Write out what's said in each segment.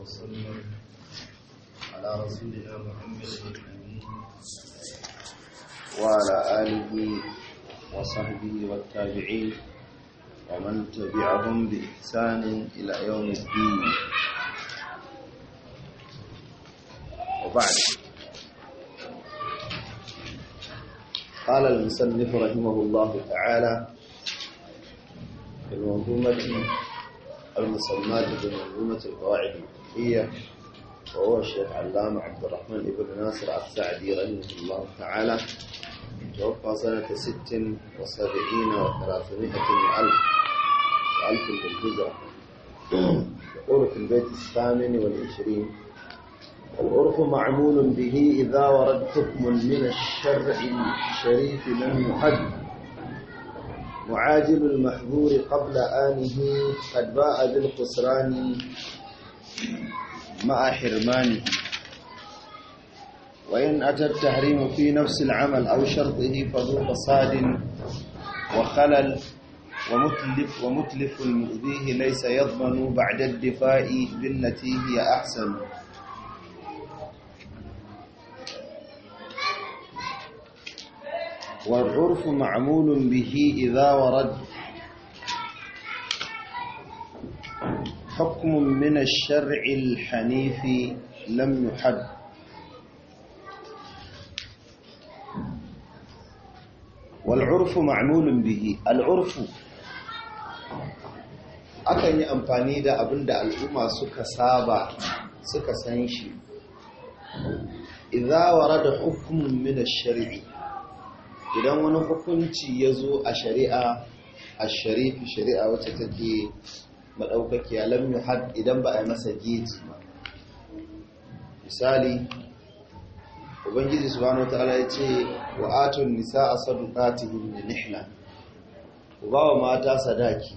وسلم على رسولنا محمد وعلى آله وصحبه والتابعين ومن تبعهم بإحسان إلى يوم الدين وبعد قال المصنف رحمه الله تعالى في المنظومة في بمنظومة القواعد الفقهية وهو الشيخ علامة عبد الرحمن بن ناصر السعدي رحمه الله تعالى توفى سنة ست وسبعين وثلاثمائة وألف وألف بالهجرة يقول في البيت الثامن والعشرين العرف معمول به إذا ورد حكم من الشرع الشريف لم يحد معاجل المحظور قبل آنه قد باء بالخسران مع حرمانه وإن أتى التحريم في نفس العمل أو شرطه فذو فساد وخلل ومتلف ومتلف المؤذيه ليس يضمن بعد الدفاع بالتي هي أحسن والعرف معمول به إذا ورد حكم من الشرع الحنيف لم يحد والعرف معمول به العرف akan yi amfani da abin da al'umma suka saba suka san shi idza warada hukmun min ash-shari'i idan wani hukunci ya zo a shari'a a sharifi shari'a wacce take maɗaukakiya lam yuhad idan ba a yi masa geji ba misali ubangiji subhanahu wataala ya ce wa atun nisa a sadukatihim da nihla ku ba wa mata sadaki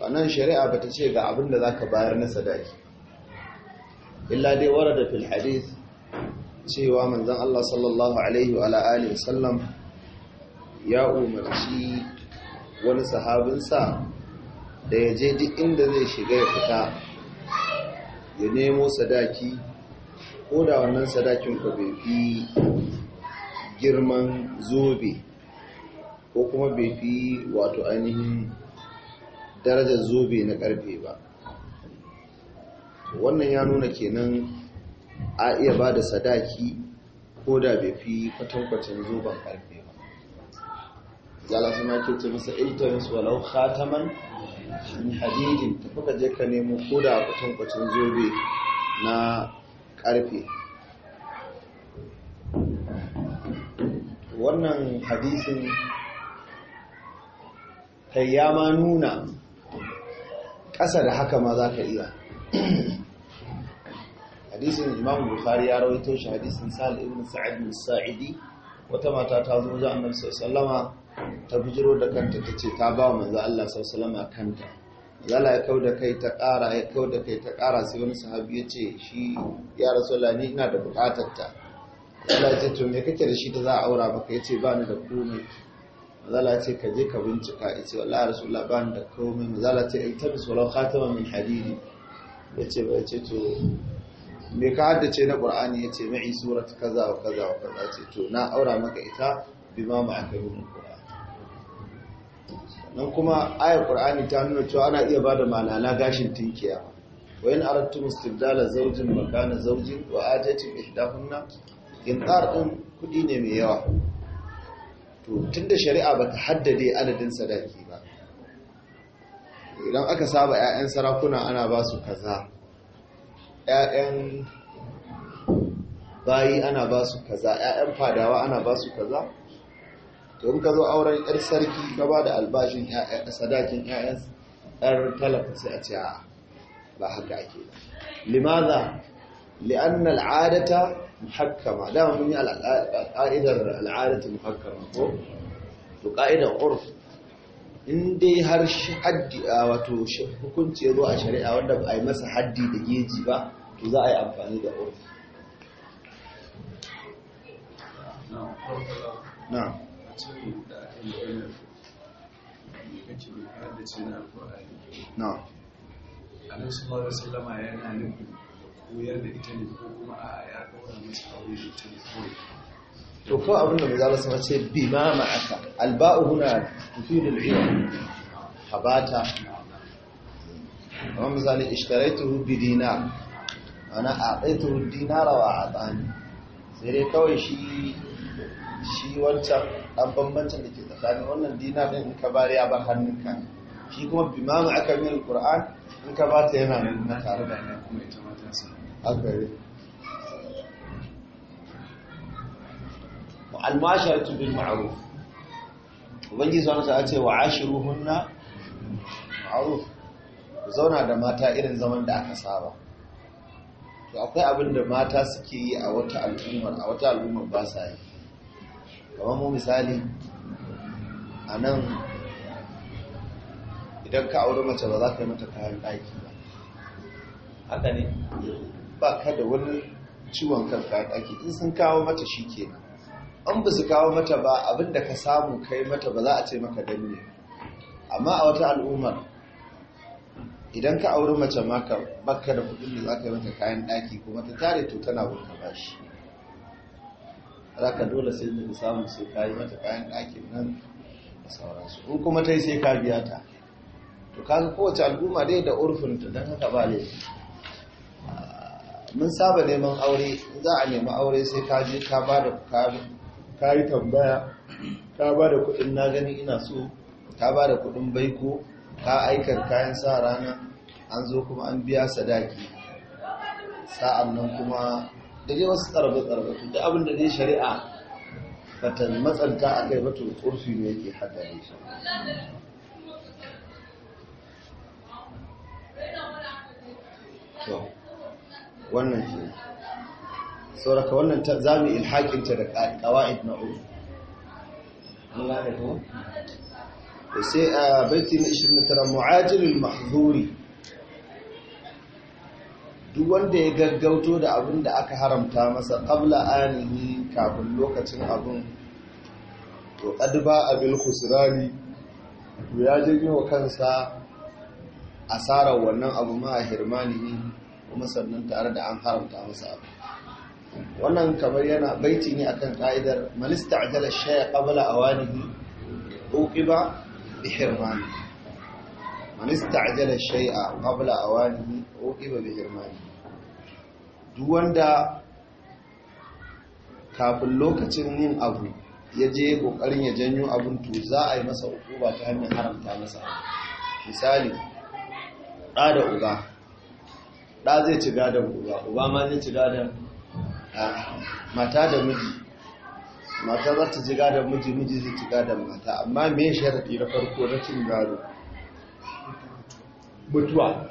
wannan shari'a ba ta ce ga abin da za ka bayar na sadaki illa dai wara da fil cewa manzan Allah sallallahu alaihi wa alihi wasallam ya umarci wani sahabinsa da ya je duk inda zai shiga ya fita ya nemo sadaki ko da wannan sadakin ka bai fi girman zobe ko kuma bai fi wato ainihin darajar zobe na karfe ba wannan ya nuna kenan a iya ba da sadaki ko da bai fi kwatankwacin zoben karfe zala sama yake ce masa iltamis walau khataman min hadidin tafi kuka je ka nemo koda a kwatan kwatan zobe na karfe wannan hadisin kai ya ma nuna ƙasa da haka ma za ka iya hadisin imam bukhari ya rawaito shi hadisin sa'ad ibn sa'id wata mata ta zo wajen annabi sallallahu alaihi ta bijiro da kanta ta ce ta ba wa manzo Allah sallallahu kanta zala ya kau da kai ta ƙara ya kau da kai ta ƙara sai wani sahabi ya ce shi ya rasulullah ni ina da buƙatar ta zala ce to me kake da shi ta za a aura maka ya ce ba ni da komai ya ce ka je ka bincika ya ce wallahi rasulullah ba ni da komai ya ce ai tabbas walau khatama min hadidi ya ce ba ya ce to me ka haddace na qur'ani ya ce ma'i surat kaza wa kaza wa kaza ce to na aura maka ita bima ma min qur'ani nan kuma ayar ƙur'ani ta nuna cewa ana iya ba da malala gashin tinkiya wa in aradtum istibdala zaujin, makana zaujin wa atati ihdahunna qintar din kudi ne mai yawa to tun da shari'a bata haddade adadin sadaki ba idan aka saba 'ya'yan sarakuna ana ba su kaza 'ya'yan bayi ana ba su kaza 'ya'yan fadawa ana ba su kaza to in ka zo auren yar sarki ka ba da albashin sadakin yayan yar talaka sai a ce a ba haka ake ba limaza li'an al'adata muhakkama dama mun yi al'adar al'adata muhakkama ko to ka'idar urf in dai har shi haddi a wato hukunci ya zo a shari'a wanda ba a yi masa haddi da geji ba to za a yi amfani da urf na na ita ne ko kuma masu aure da ita ne abinda mai zala sama ce bi ma ma'aka alba'u huna tufidu al'ilm habata amma misali ishtaraituhu bi dinar ana a'taituhu dinara wa atani sai dai kawai shi shi wancan dan bambancin da ke tsakanin wannan dina din in ka bari ya bar hannunka shi kuma bimanu aka min alquran in ka ba ta yana nan tare da nan kuma ita ma ta sa akare al-mu'asharatu bil ma'ruf ubangiji zuwa ta ce wa ashiruhunna ma'ruf zauna da mata irin zaman da aka saba to akwai abin da mata suke yi a wata al'ummar a wata al'ummar ba sa yi kamar mu misali a nan idan ka auri mace ba za ka yi mata kayan ɗaki ba haka ne ba ka da wani ciwon kan kayan ɗaki in sun kawo mata shi kenan an ba su kawo mata ba abin da ka samu kai mata ba za a ce maka dan ne amma a wata al'ummar idan ka auri mace maka bakka da kuɗin da za ka yi mata kayan ɗaki kuma ta tare to tana wuka shi ka dole sai da samu sai ka yi mata kayan ɗakin nan da sauransu in kuma ta yi sai ka biya ta to kaga kowace al'umma dai da ta don haka ba ne mun saba neman aure za a nemi aure sai ka je ka ba da ka yi tambaya ka ba da kuɗin na gani ina so ka ba da kuɗin baiko ka aikar kayan sa rana an zo kuma an biya sadaki sa'an nan kuma da dai wasu tsarbe-tsarbe da abin da dai shari'a bata matsanta a kai bato tsorfi ne yake haddare shi wannan ke sauraka wannan ilhakinta da na uku ko sai a baiti na 29 mu'ajilul mahzuri duk wanda ya gaggauto da abin da aka haramta masa qabla ainihi kafin lokacin abin to a abil khusrani to ya jirgin wa kansa asarar wannan abu ma a hirmanihi kuma sannan tare da an haramta masa abu wannan kamar yana baiti a akan ka'idar malista ajala shaya qabla awanihi uqiba bi hirmanihi malista ajala shay'a wani awanihi ba bi hirmani duk wanda kafin lokacin yin abu ya je kokarin ya janyo abin to za a yi masa hukuma ta hanyar haramta masa misali ɗa da uba ɗa zai ci gadon uba uba ma zai ci gadon mata da miji mata za ta ci gadon miji miji zai ci gadon mata amma me sharaɗi na farko na cin gado mutuwa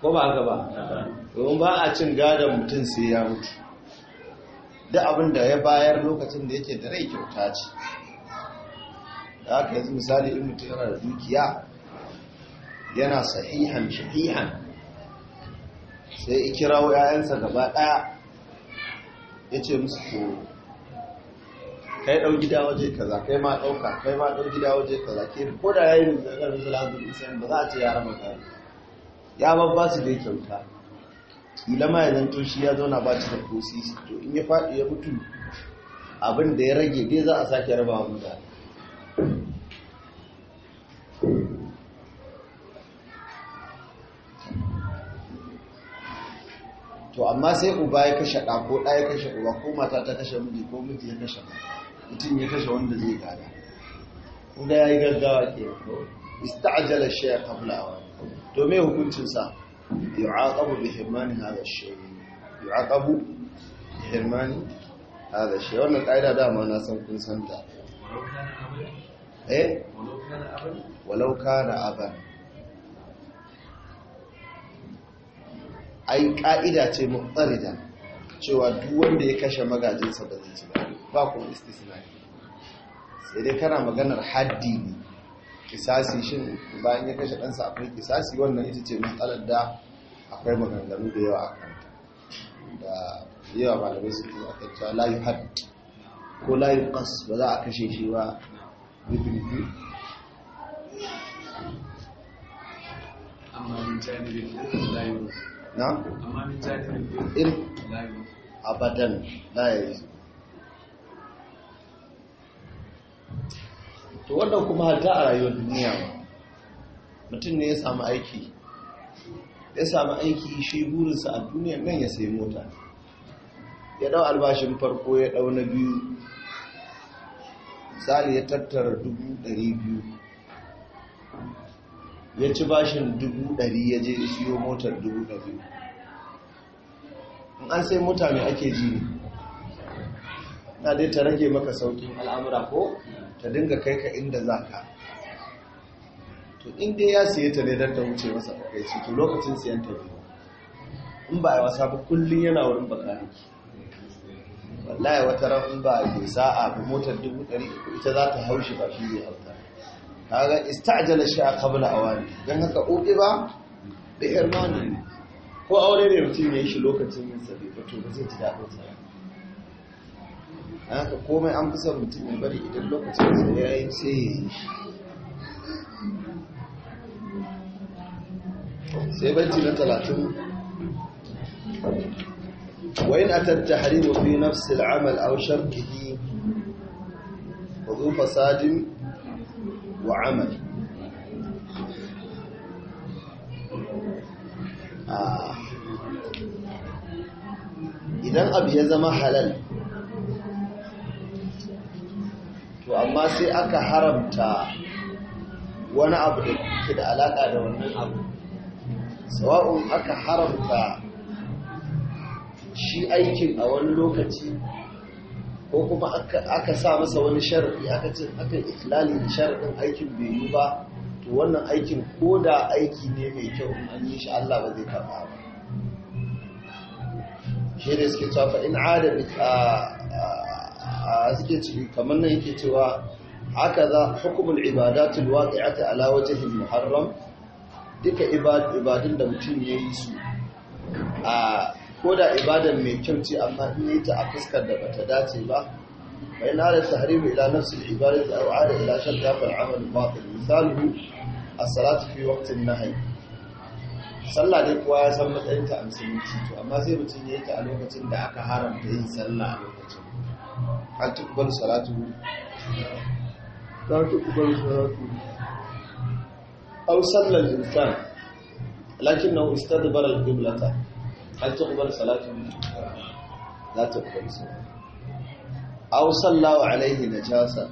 ko ba haka ba domin ba a cin gadon mutum sai ya mutu duk abin da ya bayar lokacin da yake da rai kyauta ce da haka yanzu misali in mutum yana da dukiya yana sahihan shahihan sai ikirawo 'ya'yansa gaba ɗaya ya ce musu to kai ɗau gida waje kaza kai ma ɗauka kai ma ɗau gida waje kaza ke ko da yayi da ga misalan da ba za a ce ya rama kai ya babba su dai kyauta kila ma ya zanto shi ya zauna ba ci da kosisi to in ya faɗi ya mutu abin da ya rage dai za a sake raba wa muda to amma sai uba ya kashe ɗa ko ɗa ya kashe uba ko mata ta kashe miji ko miji ya kashe mutum ya kashe wanda zai gada kuma ya yi gaggawa ke ko ista'ajala shayar a awani to me hukuncin sa yu'aqabu bi hirmani hadha shay yu'aqabu bi hirmani hadha shay wannan kaida dama na san kun san ta eh? walau kana aban ai ka'ida ce muqtarida cewa duk wanda ya kashe magajinsa ba zai ci ba ba kuma istisna sai dai kana maganar haddi ne kisasi shin bayan ya kashe ɗansa akwai kisasi wannan ita ce matsalar da akwai maganganu da yawa a kanta da yawa malamai su tuwa kan cewa layu had ko layu kas ba za a kashe shi ba bibirbi amma min janirin layu na? amma min janirin layu abadan layu to wannan kuma Hata a rayuwar duniya ba mutum ne ya samu aiki ya samu aiki shi burinsa a duniyan nan ya sai mota ya dau albashin farko ya dau na biyu misali ya tattara dubu ɗari biyu ya ci bashin dubu ɗari ya je siyo motar dubu ɗari in an sai mota mai ake ji na dai ta rage maka saukin al'amura ko ta dinga kai ka inda za ka to inda ya siye ta ne don ta wuce masa ce to lokacin siyan ta biyu in ba a wasa ba kullum yana wurin bakaniki wallahi wata ran in ba a yi sa'a ba motar dubu ɗari ita za ta haushi ba shi ne hauta kaga ista'jala shi a kabla wani don haka uɗi ba da irmani ko aure ne mutum ya yi shi lokacin yin sabi ba to ba zai ji daɗin sa haka komai an fi son mutum ya bari idan lokacin sa ya yi sai ya yi sai baiti na talatin وإن أتى التحريم في نفس العمل أو شركه وذو فساد وعمل إذا أبي زما حلال to amma sai aka haramta wani abu da ke da alaƙa da wannan abu sawa'un aka haramta shi aikin a wani lokaci ko kuma aka sa masa wani sharaɗi aka ce aka iklalin sharaɗin aikin bai yi ba to wannan aikin ko da aiki ne mai kyau in an yi shi Allah ba zai karɓa ba shi ne suke cewa in adad ah, ah, a suke ciki kamar nan yake cewa haka za hukumul ibadatul waqi'ata ala wajhil muharram duka ibadun da mutum ya yi su a koda ibadan mai kyau ce amma in yi ta a fuskar da bata dace ba bai na da tahrimu ila nafsul ibadati aw ala ila shan amal batil misaluhu as-salatu fi waqtin nahyi sallah dai kuwa ya san matsayinta a musulunci to amma sai mutum ya yi ta a lokacin da aka haramta yin sallah a ta salatu hal tuqbalu salatuhu la tuqbalu salatuhu aw salla al-insan lakinnahu istadbara al-qiblata hal tuqbalu salatuhu la tuqbalu salatuhu aw salla alayhi najasa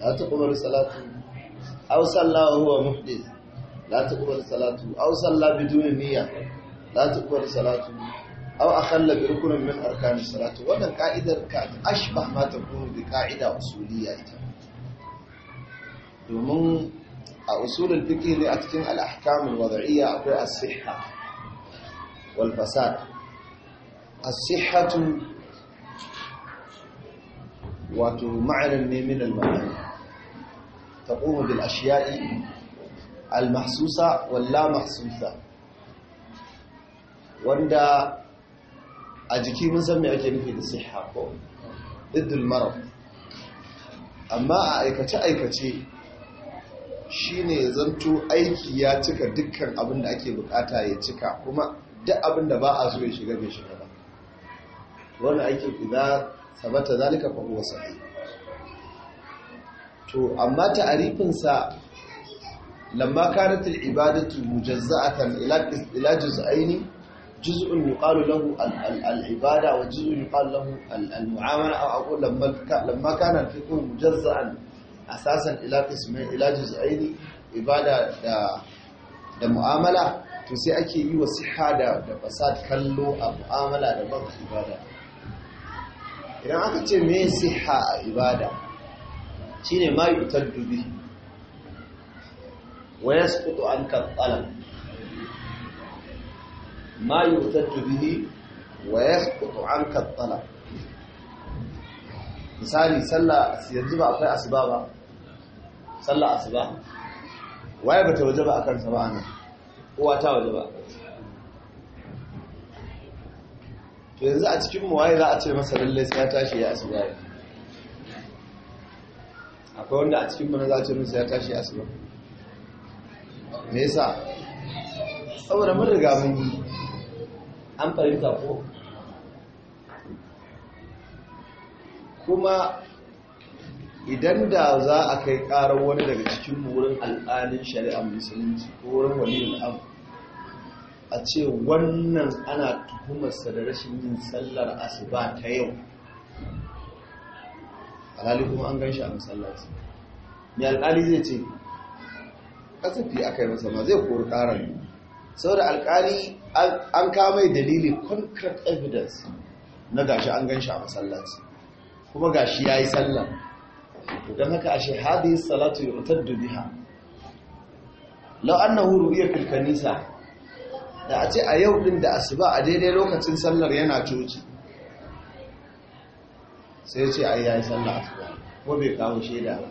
la tuqbalu salatuhu aw salla huwa muhdith la tuqbalu salatuhu aw salla Za ta la salatu salatuhu aw akhalla bi rukunin min arkani salatu wannan ka'idar ka ashbah ma takunu bi ka'ida usuliyya ita domin a usulul fiqh ne a cikin al-ahkam al-wad'iyya akwai as-sihha wal fasad as-sihhatu wato ma'anan ne min al-ma'ani taqumu bil ashiya'i al-mahsusa wanda a jiki mun san me ake nufi da siha ko iddul mara, amma a aikace aikace shine zanto aiki ya cika dukkan abin da ake bukata ya cika kuma duk abin da ba a so ya shiga bai shiga ba wani aikin idan sabata zalika fa wasa to amma ta'arifin sa lamma kanat ibadatu mujazza'atan ila ila juz'un yuqalu lahu al-ibada wa juz'un yuqalu lahu al-mu'amala aw aqul lamma kana al-fiqh mujazza'an asasan ila qismayn ila ibada da mu'amala to sai ake yi wa siha da da fasad kallo a mu'amala da ibada idan aka ce me siha a ibada shine ma yutaddu bi wa ما يرتد به ويسقط عنك الطلب at misali sallah yanzu ba akwai asuba ba sallah asuba waye bata wajaba akan to yanzu a cikin waye za a ce masa lalle sai ya tashi ya asuba akwai wanda a cikin mu za a ce masa ya tashi ya asuba me yasa saboda mun riga mun yi an fahimta ko kuma idan da za a kai karar wani daga cikin wurin al'adun shari'ar musulunci ko wurin waliyin abu a ce wannan ana tuhumarsa da rashin yin sallar asuba ta yau alhali kuma an gan shi a su. mai alkali zai ce kasafi aka yi masa ma zai kori karar saboda alkali an kama dalili concrete evidence na gashi an gan shi a masallaci kuma gashi ya yi sallah don haka ashe hadhihi salatu yurtaddu biha law na ru'iya fil kanisa da a ce a yau din da asuba a daidai lokacin sallar yana coci sai ce yi yayi sallah asuba ko bai kawo shaida ba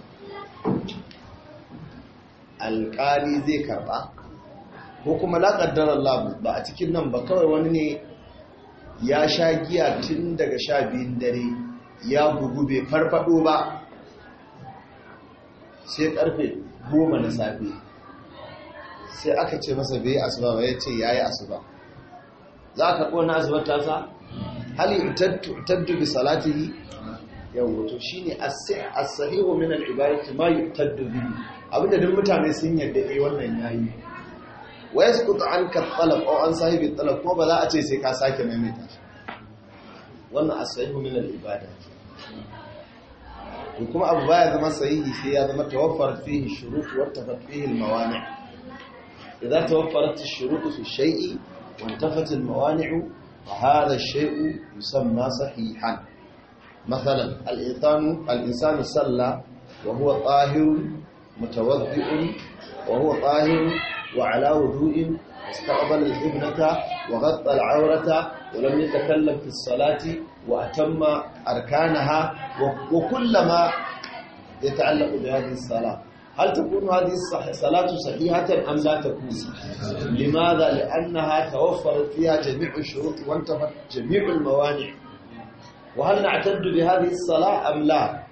alƙali zai karba ko kuma laƙaddar Allah ba a cikin nan ba kawai wani ne ya sha giya tun daga sha biyun dare ya bugu bai farfado ba sai karfe goma na safe sai aka ce masa bai asuba ba ya ce ya yi asuba za ka ƙona ta tasa hali taddu bi yi yau wato shi ne a asahihu minan al'ibarci ma yi taddu bi abinda duk mutane sun yadda eh, ya wannan yayi ويسقط عنك الطلب او عن صاحب الطلب ما بذا اتي سي كا ساكي ميميتا وانا اسعيه من العباده وكما ابو باي ما صحيح سي ما زما توفر فيه الشروط واتفت فيه الموانع اذا توفرت الشروط في الشيء وانتفت الموانع فهذا الشيء يسمى صحيحا مثلا الإنسان الانسان صلى وهو طاهر متوضئ وهو طاهر وعلى وضوء استقبل الابنة وغطى العورة ولم يتكلم في الصلاة وأتم أركانها وكل ما يتعلق بهذه الصلاة هل تكون هذه الصلاة صحيحة أم لا تكون صحيحة لماذا؟ لأنها توفرت فيها جميع الشروط وانتفت جميع الموانع وهل نعتد بهذه الصلاة أم لا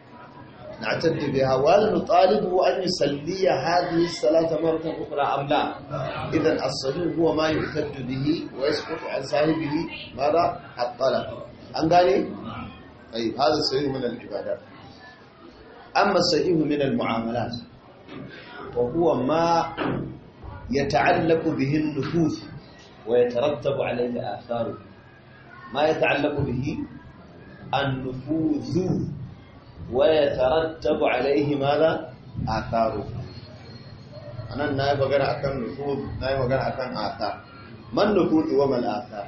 نعتد بها وهل نطالبه أن يصلي هذه الصلاة مرة أخرى أم لا إذا الصدور هو ما يعتد به ويسقط عن صاحبه مرة الطلب أم ذلك طيب هذا الصحيح من العبادات أما الصحيح من المعاملات وهو ما يتعلق به النفوس ويترتب عليه آثاره ما يتعلق به النفوذ ويترتب عليه ماذا آثاره أنا نايب مغانا أكن نفوذ نايب مغانا أكن آثار ما النفوذ وما الآثار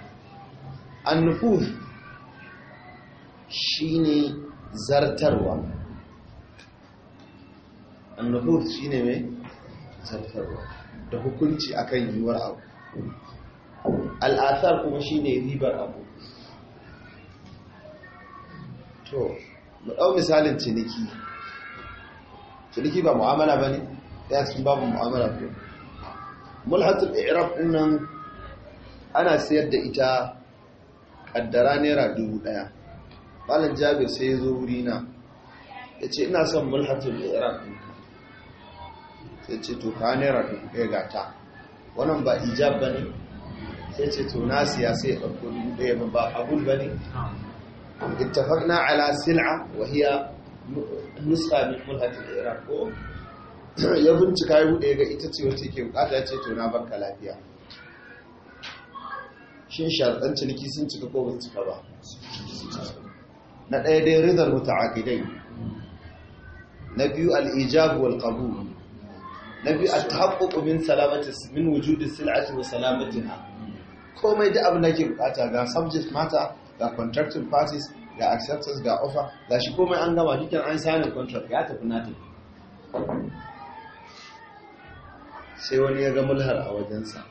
النفوذ شيني زرتروا النفوذ شيني مي زرتروا zartarwa da hukunci akan yiwuwar abu al'asar kuma shi ne ribar abu to mu ɗau misalin ciniki ciniki ba mu'amala ba ne ya ba mu mu'amala ba mulhatul iraf nan ana sayar da ita ƙaddara naira dubu ɗaya malam jabir sai ya zo wuri na ya ce ina son mulhatul irab ɗinka sai ce to ka naira dubu ɗaya ga ta wannan ba ijab ba ne sai ce to na siya sai ya ɗauko dubu ɗaya ba abul ba ne اتفقنا على سلعة وهي نسخة من ملهة العراق ya bincika ya buɗe ga ita ce wacce ke bukata ce to na barka lafiya shin sharɗan ciniki sun cika ko ba cika ba na ɗaya dai ridar muta'aqidai na biyu al-ijab wal qabul na biyu at-tahaqquq min salamati min wujudi sil'ati wa salamatiha komai da ke bukata ga subject matter ga contracting parties ga acceptance ga offer ga shi komai an gama dukkan an sanin contract ya tafi na tafi sai wani ya ga mulhar a wajensa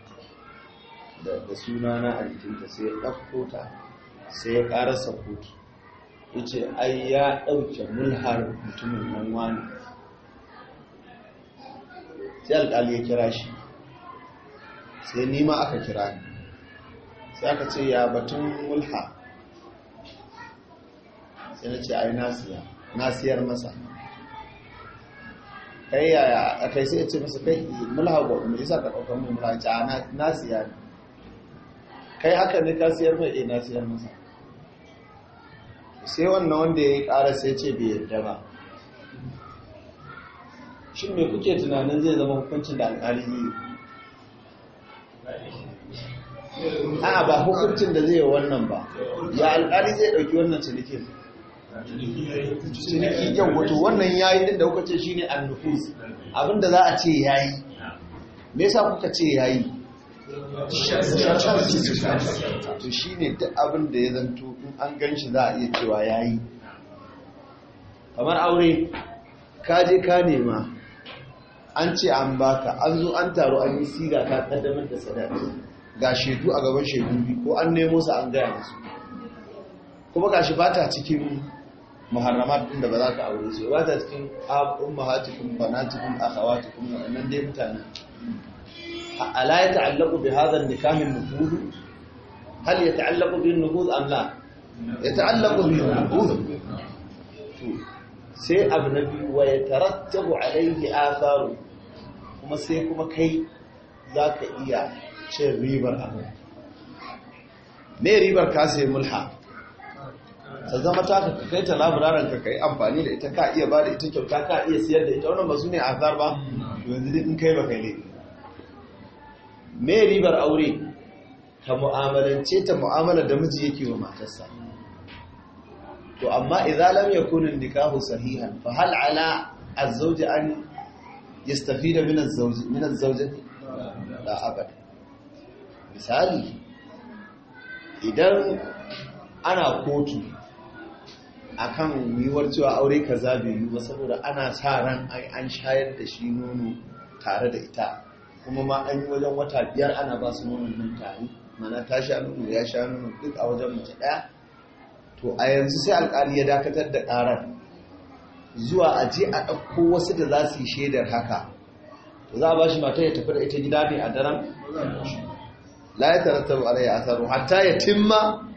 da suna na a sai ya ɗauko ta sai ya ƙara kotu ya ce ai ya ɗauke mulhar mutumin nan wani sai alƙali ya kira shi sai nima aka kira ni sai aka ce ya batun mulha sai na ce ai nasiya nasiyar masa kai yaya a kai sai ya ce masa kai mulha ga me yasa ka ɗaukar mun mulha Na nasiya ne kai haka ne ka siyar mai eh nasiyar masa sai wannan wanda ya yi ƙara sai ce bai yarda ba shin me kuke tunanin zai zama hukuncin da alƙali yi a ba hukuncin da zai yi wannan ba ya alƙali zai ɗauki wannan cinikin ciniki yau wato wannan yayi din da kuka ce shine nufus abinda za a ce yayi me yasa kuka ce yayi to shine duk abinda ya zanto in an ganshi za a iya cewa yayi kamar aure ka je ka nema an ce an baka an zo an taro an yi siga ka kaddamar da sadaki ga shaidu a gaban shaidu ko an nemo sa an gaya musu kuma gashi bata cikin muharramat din da ba za ka aure su ba ta cikin ummahatikum banatikum akhawatikum wannan dai mutane ala ya ta'allaqu bi hadha an-nikah an-nufuz hal ya ta'allaqu bi an-nufuz am la ya ta'allaqu bi an-nufuz sai abu na biyu wa ya tarattabu alaihi atharu kuma sai kuma kai zaka iya cin ribar abu me ribar ka sai mulha ta zama ta ka kai ta labararan ka kai amfani da ita ka iya ba da ita kyauta ka iya siyar da ita wannan ba su ne zar ba yanzu dai in kai ba kai ne me ribar aure ta mu'amalance ta mu'amala da miji yake wa matarsa to amma idan lam yakun nikahu sahihan fa hal ala az-zawj an yastafida min az-zawj min az-zawjati la abad misali idan ana kotu akan yiwuwar cewa aure kaza bai yi ba saboda ana sa ran an shayar da shi nono tare da ita kuma ma an yi wajen wata biyar ana ba su nono nan tare mana ta sha nono ya sha nono duk a wajen mace ɗaya to a yanzu sai alƙali ya dakatar da ƙarar zuwa a je a ɗauko wasu da za su yi shaidar haka to za a ba shi mata ya tafi da ita gida ne a daren la ya asaru hatta ya timma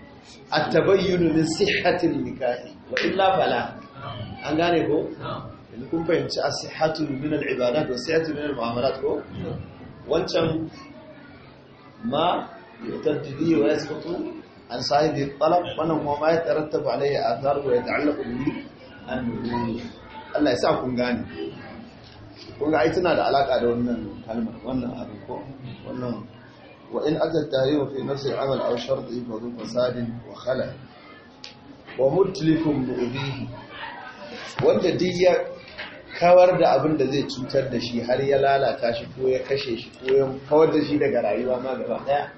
attabayyunu min sihhatin nikahi wa illa fala an gane ko in kun fahimci as-sihhatu min al-ibadat wa sihhatu min al-mu'amalat ko wancan ma يتدبي ويسقط عن صاحب الطلب وانه ما يترتب عليه آثار ويتعلق به النزول Allah ya sa kun gane kun ga ai tana da alaka da wannan kalmar wannan abin ko wannan وإن أتى التعريف في نفس العمل أو شرطه فذو فساد وخلل ومتلف مؤذيه wanda duk kawar da abin da zai cutar da shi har ya lalata shi ko ya kashe shi ko ya kawar da shi daga rayuwa ma gaba daya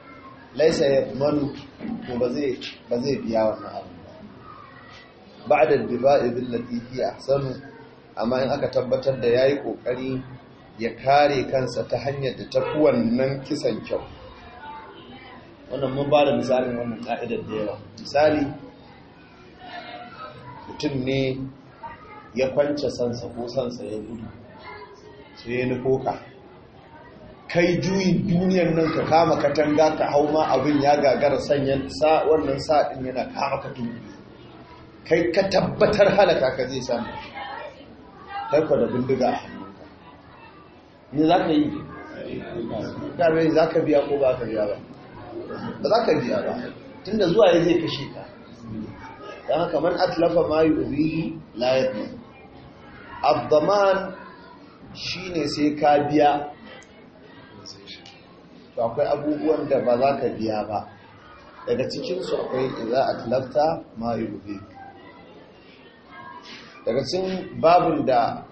laisa ya manu to ba zai ba zai biya wannan abu ba ba'da diba'i billati hi ahsanu amma in aka tabbatar da yayi kokari ya kare kansa ta hanyar da ta fi kisan kyau wannan mun ba da misalin wannan ka'idar da yawa misali mutum ne ya kwance sansa ko sansa ya gudu sai ya nufo ka kai juyin duniyar nan ka kama katanga ka hau ma abin ya gagara sanyan sa wannan sa din yana kama ka kai ka tabbatar halaka ka zai samu kai da bindiga a ka. ne za ka yi ne za ka biya ko ba ka biya ba ba za ka biya ba tunda zuwa ya zai kashe ka don haka man atlafa ma yi ubihi bi abdaman shi ne sai ka biya to akwai abubuwan da ba za ka biya ba daga cikinsu akwai iza atlafta ma yi ubihi daga cikin babin da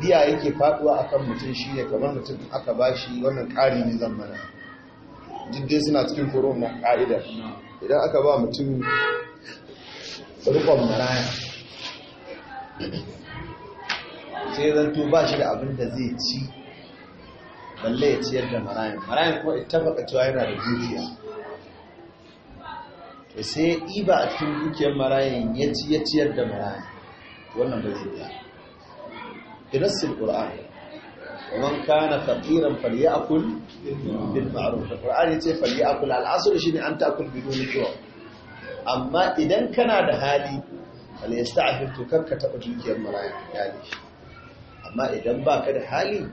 biya yake faduwa akan mutum shi ne kamar mutum aka ba shi wannan ƙari ne zan mana jiddai suna cikin koron na ƙa'idar idan aka ba mutum rukon maraya sai zanto ba shi da abin da zai ci balle ya ciyar da marayan marayan kuma ita baka cewa yana da dukiya to sai iba a cikin dukiyar marayan ya ciyar da marayan wannan ba zai biya. Kirasul Qur'an ومن كان فقيرا فليأكل بالمعروف القرآن يتي فليأكل الأصل شيء أن تأكل بدون جوع أما إذا كان هذا هالي فليستعفف تكك تأجيك المرايا يعني أما إذا باك هذا هالي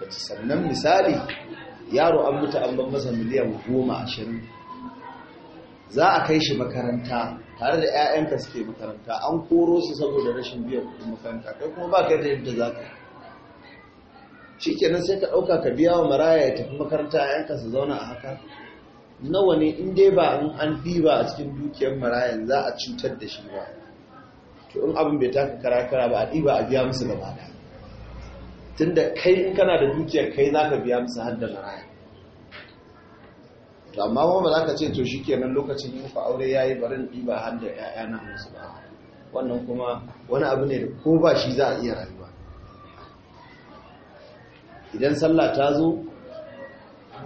فتسنن مثالي yaro an mutu an ban masa miliyan goma ashirin za a kai shi makaranta tare da 'ya'yanka suke makaranta an koro su saboda rashin biyan kuɗin makaranta kai kuma ba ka da yadda za ka yi shi shikenan sai ka ɗauka ka biya wa maraya ya tafi makaranta yanka su zauna a haka nawa ne in dai ba in an ba a cikin dukiyar marayan za a cutar da shi ba to in abin bai taka karakara, ba a ɗiba a biya musu gaba da tun da kai in kana da dukiyar kai za ka biya musu har da maraya to amma kuma ba za ka ce to shi kenan lokacin yin fa aure ya yi barin ɗiba har da 'ya'yana musu ba wannan kuma wani abu ne da ko ba shi za a iya rayu idan sallah ta zo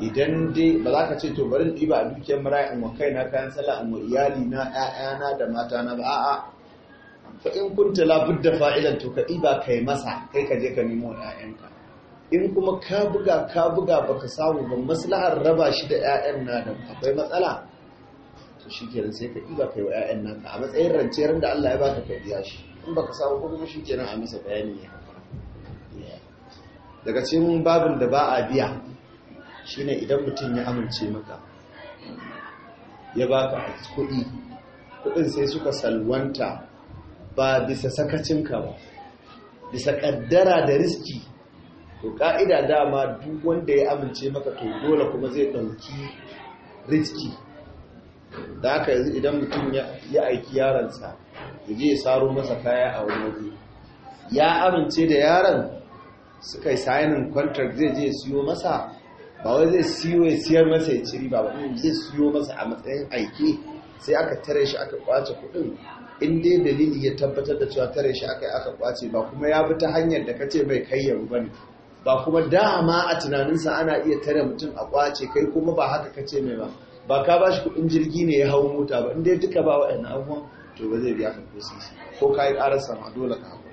idan dai ba za ka ce to bari ɗiba a dukiyar maraya in wa kaina kayan sallah in wa iyali na ƴaƴana da mata na ba a'a fa in kunta da fa'ilan to ka ɗiba kai masa kai ka je ka nemo ƴaƴanka in kuma ka buga ka buga baka samu ba maslahar raba shi da ƴaƴan na da akwai matsala to shikenan sai ka ɗiba kai wa ƴaƴan naka a matsayin ranciyar da Allah ya baka ka biya shi in baka samu ko kuma shikenan a masa bayani ya daga cikin babin da ba a biya shine idan mutum ya amince maka ya ba ka kuɗi kuɗin sai suka salwanta ba bisa sakacinka ba bisa ƙaddara da riski to ƙa'ida dama duk wanda ya amince maka to dole kuma zai ɗauki riski da haka yanzu idan mutum ya aiki yaransa ya je ya saro masa kaya a wani waje ya amince da yaron suka yi sayanin kwantar zai je siyo masa ba wai zai siyo ya siyar masa ya ciri ba zai siyo masa a matsayin aiki sai aka tare shi aka kwace kuɗin in dai dalili ya tabbatar da cewa tare shi aka yi aka kwace ba kuma ya bi ta hanyar da kace mai kayyar ba ne ba kuma dama a tunaninsa ana iya tare mutum a kwace kai kuma ba haka kace mai ba ba ka bashi kuɗin jirgi ne ya hau mota ba in dai duka ba ina abuwa to ba zai biya ka ko sisi ko ka yi ƙararsa ma dole ka haƙura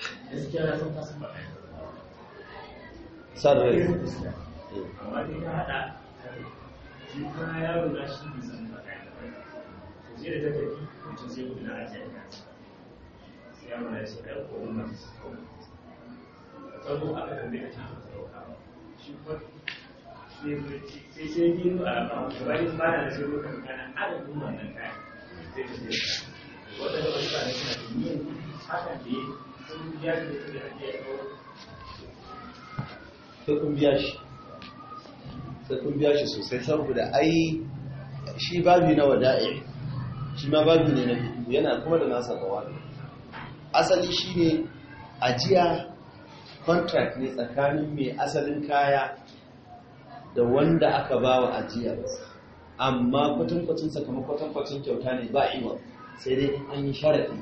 san ka na sai ka sai a ba adadin wannan ta wata da ne suna da hakan da sai kun biya shi sai kun biya shi sosai saboda ai shi babi na wada'i shi ma babi ne na fiƙi yana kuma da nasa gawaɗi asali shi ne ajiya contract ne tsakanin mai asalin kaya da wanda aka ba wa ajiya amma kwatankwacin sakamakon kwatankwacin kyauta ne ba iwa sai dai an yi sharaɗi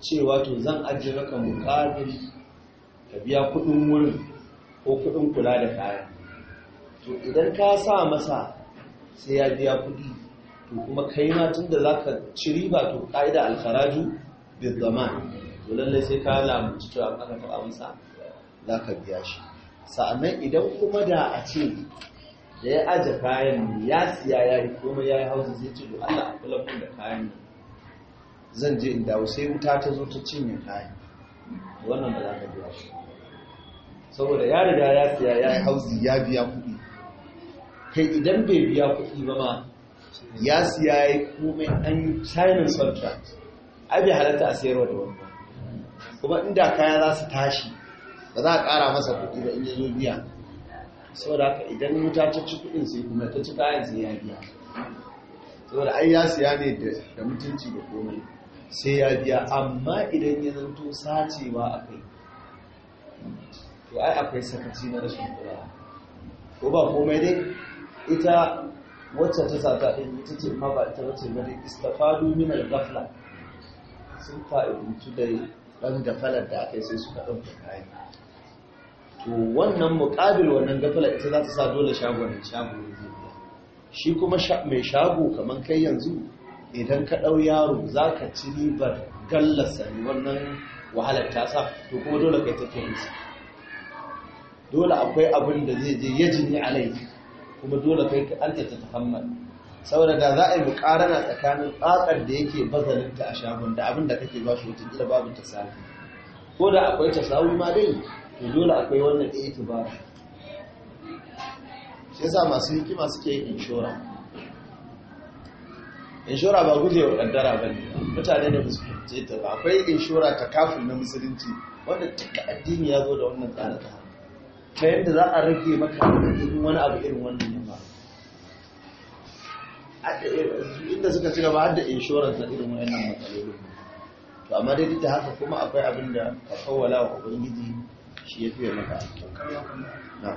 cewa to zan ajiye maka muƙabil ka biya kuɗin wurin ko kuɗin kula da kaya to idan ka sa masa sai ya biya kuɗi to kuma kai ma tun da za ka ci riba to ka'ida alkaraju bi zaman to lallai sai ka lamunci cewa aka taɓa masa za ka biya shi sa'annan idan kuma da a ce da ya aje kayan ya siya ya yi komai ya yi hausa zai ce to Allah a kula da kayan nan zan je in dawo sai wuta ta zo ta cinye kayan wannan ba za ka biya shi saboda ya riga ya siya ya yi hauzi ya biya kuɗi kai idan bai biya kuɗi ba ma ya siya ya yi komai an signing contract ai bai halatta a sayarwa da wani kuma inda kaya za su tashi ba za a ƙara masa kuɗi ba in ya zo biya saboda haka idan wuta ta ci kuɗin sai kuma ta ci kayan sai ya biya saboda ai ya siya ne da mutunci da komai sai ya biya amma idan ya zanto sacewa a kai to ai akwai sakaci na rashin kula ko ba komai dai ita wacce ta sata ɗin ita ce ma ba ita wacce ba dai istafadu min gafla ghafla sun fa'idantu da ɗan gafalar da aka yi sai suka ɗauka kayan to wannan muƙabil wannan gafalar ita za ta sa dole shagon shago ne shi kuma mai shago kamar kai yanzu idan ka ɗau yaro za ka ci ribar gallasa ne wannan wahalar tasa to kuma dole kai take musu dole akwai abin da zai je ya jini laifi kuma dole kai ka an ta tahammar saboda da za a yi mukarana tsakanin tsakar da yake bazalinta a shagon da abin da kake ba shi da babu tasawi ko da akwai tasawi ma dai to dole akwai wannan ɗaya ba shi yasa masu hikima suke yin inshora inshora ba guje wa kaddara ba ne mutane da musulunci ta ba akwai inshora ta kafin na musulunci wanda duka addini ya zo da wannan tsara ta ta yadda za a rage maka wani abu irin wannan yamma eh, inda suka ci gaba hadda insurance na irin wayannan matsalolin to amma dai duk da haka kuma akwai abin da ka kawwala wa ubangiji shi ya fiye maka na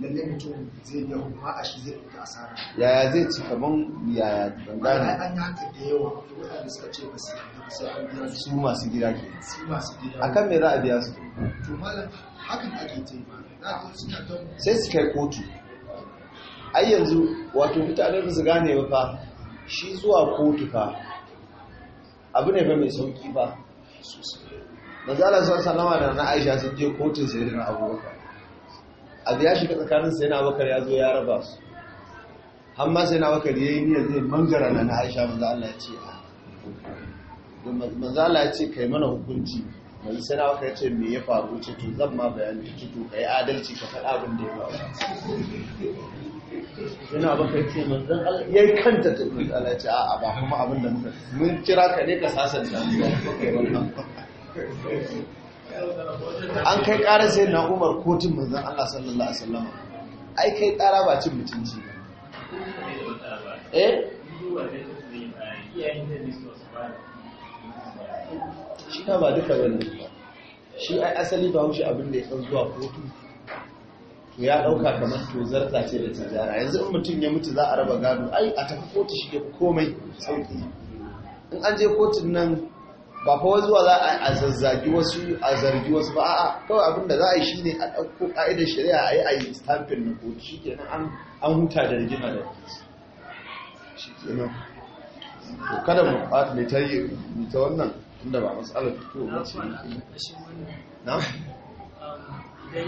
lalle mutum zai yi hukuma a shi zai yaya zai ci kaman da yawa su masu gida akan me za sai su kai kotu ai yanzu wato mutane ba su gane ba fa shi zuwa kotu fa abu ne mai sauki ba. manzo sun da na Aisha sun je kotun sayyidina Abubakar abu ya shiga tsakanin sai na bakar ya zo ya raba su amma sai na bakar ya yi niyyar zai mangara na na aisha maza Allah ya ce ah. a maza Allah ya ce kai mana hukunci manzo sai na bakar ya ce me ya faru ce to zan ma bayani ce to kai adalci ka faɗa abin da ya faru sai na bakar ce maza Allah ya yi kanta ta manzo Allah ya ce a ba kuma abin da muka mun kira ka ne ka sasanta kai wannan an kai ƙarar sai na umar kotun manzan Allah sallallahu Alaihi wasallama ai kai ƙara ba cin mutunci eh shi ba duka ba shi ai asali ba mushi abin da ya san zuwa kotu to ya dauka kamar to zarta ce da tijara yanzu in mutum ya mutu za a raba gado ai a tafi kotu shi ke komai sauki in an je kotun nan ba fa zuwa za a zazzagi wasu a zargi wasu ba a'a kawai abin da za a yi shine a ɗauko ƙa'idar shari'a a yi a yi stampin na kotu shi kenan an huta da rigima da shi kenan to kada mu ɓata mai tari mu ta wannan inda ba matsalar fito ba ce na idan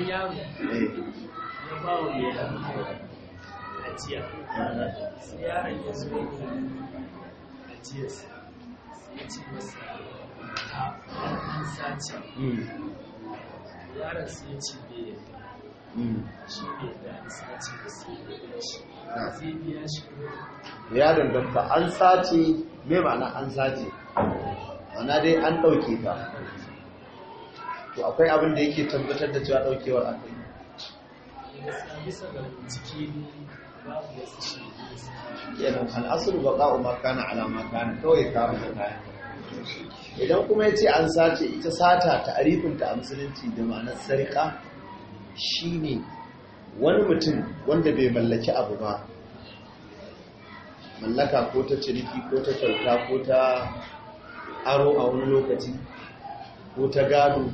yaro ya ba wa mai ajiya sai yaron ya zo ajiyarsa ya ce masa yaron sai ya ce bai yadda shi bai yadda an sace da sai ya shi zai biya shi ya danganta an sace mai ma'ana an sace ma'ana dai an ɗauke ta to akwai abin da yake tabbatar da cewa ɗaukewar bisa ciki ne babu akai kenan al'asuru ba ka'u ma kana alama kana kawai ka da kayan idan kuma ya ce an sace ita sata ta arifinta a musulunci da ma'anar shi ne wani mutum wanda bai mallaki abu ba mallaka ko ta ciniki ko ta kyauta ko ta aro a wani lokaci ko ta gado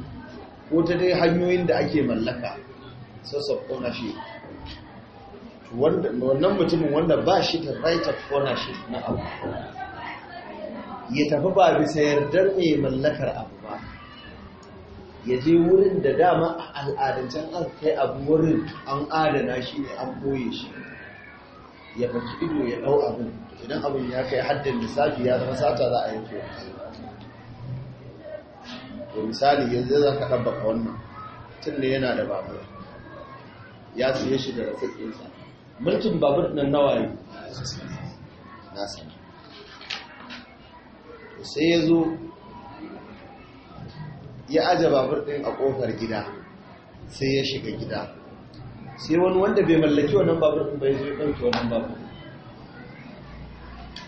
ko ta dai hanyoyin da ake mallaka source ownership wannan mutumin wanda ba shi ta right of ownership na abu ya tafi ba bisa yardar mai mallakar abu ba ya je wurin da dama a al'adancan an kai abu wurin an adana shi ne an boye shi ya baki ido ya dau abin idan abin ya kai haddin lissafi ya zama sata za a yanke to misali yanzu za ka ka wannan tun ne yana da babur ya siye shi da rasit mulkin babur nan nawa ne na sani sai ya zo ya aje babur ɗin a ƙofar gida sai ya shiga gida sai wani wanda bai mallaki wannan babur ɗin bai zai ɗauki wannan babur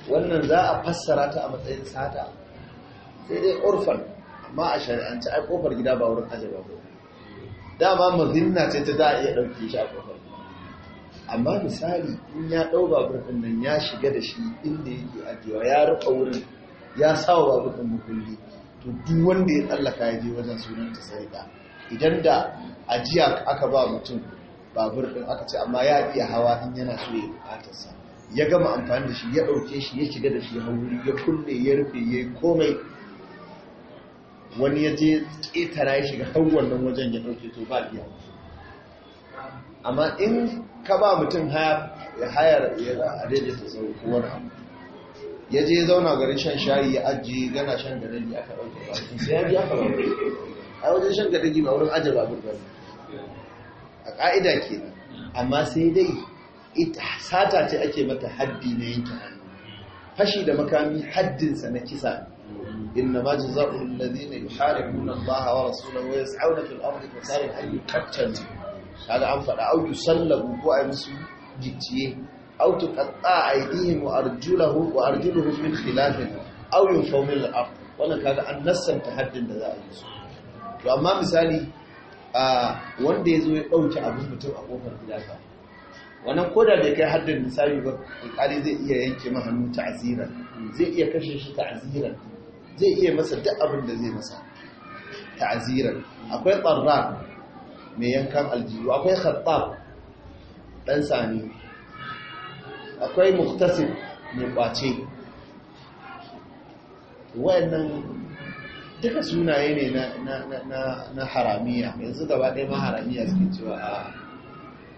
wannan za a fassara ta a matsayin sata sai dai orfan amma a shari'ance ai ƙofar gida ba wurin aje babur dama mazinna ce ta za a iya ɗauke shi a ƙofar gida amma misali in ya ɗau babur ɗin nan ya shiga da shi inda yake ajiyewa ya rufe wurin ya sawa babur ɗin mukulli to duk wanda ya tsallaka ya je wajen sunan ta sarida idan da ajiya aka ba mutum babur ɗin aka ce amma ya iya hawa in yana so ya bukatarsa ya gama amfani da shi ya ɗauke shi ya shiga da shi wuri ya kulle ya rufe ya yi komai wani ya je ƙetara ya shiga har wannan wajen ya ɗauke to ba biya amma in ka ba mutum hayar ya a daidaita sauƙuwar abu ya je ya zauna garin shan shayi ya ajiye gana shan gadagi aka ɗauke ba sai ya biya ka ba a wajen shan gadagi ba wurin ajiye babur ba a ƙa'ida ke amma sai dai sata ce ake mata haddi na yanke hannu fashi da makami haddinsa na kisa inna ma jazaa'u alladhina yuharibuna Allah wa rasulahu wa yas'auna fil ardi fasadan an yuqtalu kaga an faɗa au yusallabu ko ay musu gicciye aw tuqatta aydihim wa arjuluhum wa arjuluhum min khilaf aw yunfaw min wannan kaga an nassan haddin da za a yi su to amma misali wanda ya zo ya ɗauke abin mutum a ƙofar gidansa wannan koda bai kai haddin misali ba alƙali zai iya yanke ma hannu ta'azira zai iya kashe shi ta ta'azira zai iya masa duk abin da zai masa ta ta'azira akwai tsarra mai yankan aljihu akwai khattab dan sani akwai muktasib mai kwace wayannan duka sunaye ne na haramiya yanzu gaba ɗaya ma haramiya suke cewa a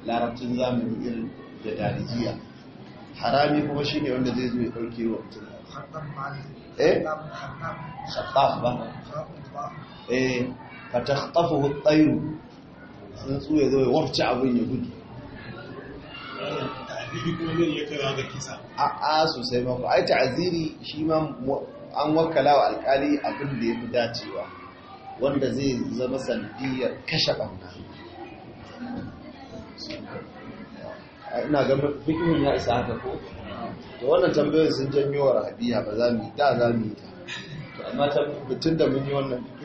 larabcin zamani irin da darijiya harami kuma shi ne wanda zai zo ya ɗauke wa mutum eh ba eh ka takhtafu hutsayu sun tsuye zo ya abin ya gudu shi a'a sosai ma ku ai ta'aziri shi ma an wakala wa alkali abin da ya fi dacewa wanda zai zama sanadiyar kashe banna ina ga bikin ya isa haka ko to wannan tambayoyin sun janyo wa rabiya ba za mu yi da za mu yi ta amma tun da mun yi wannan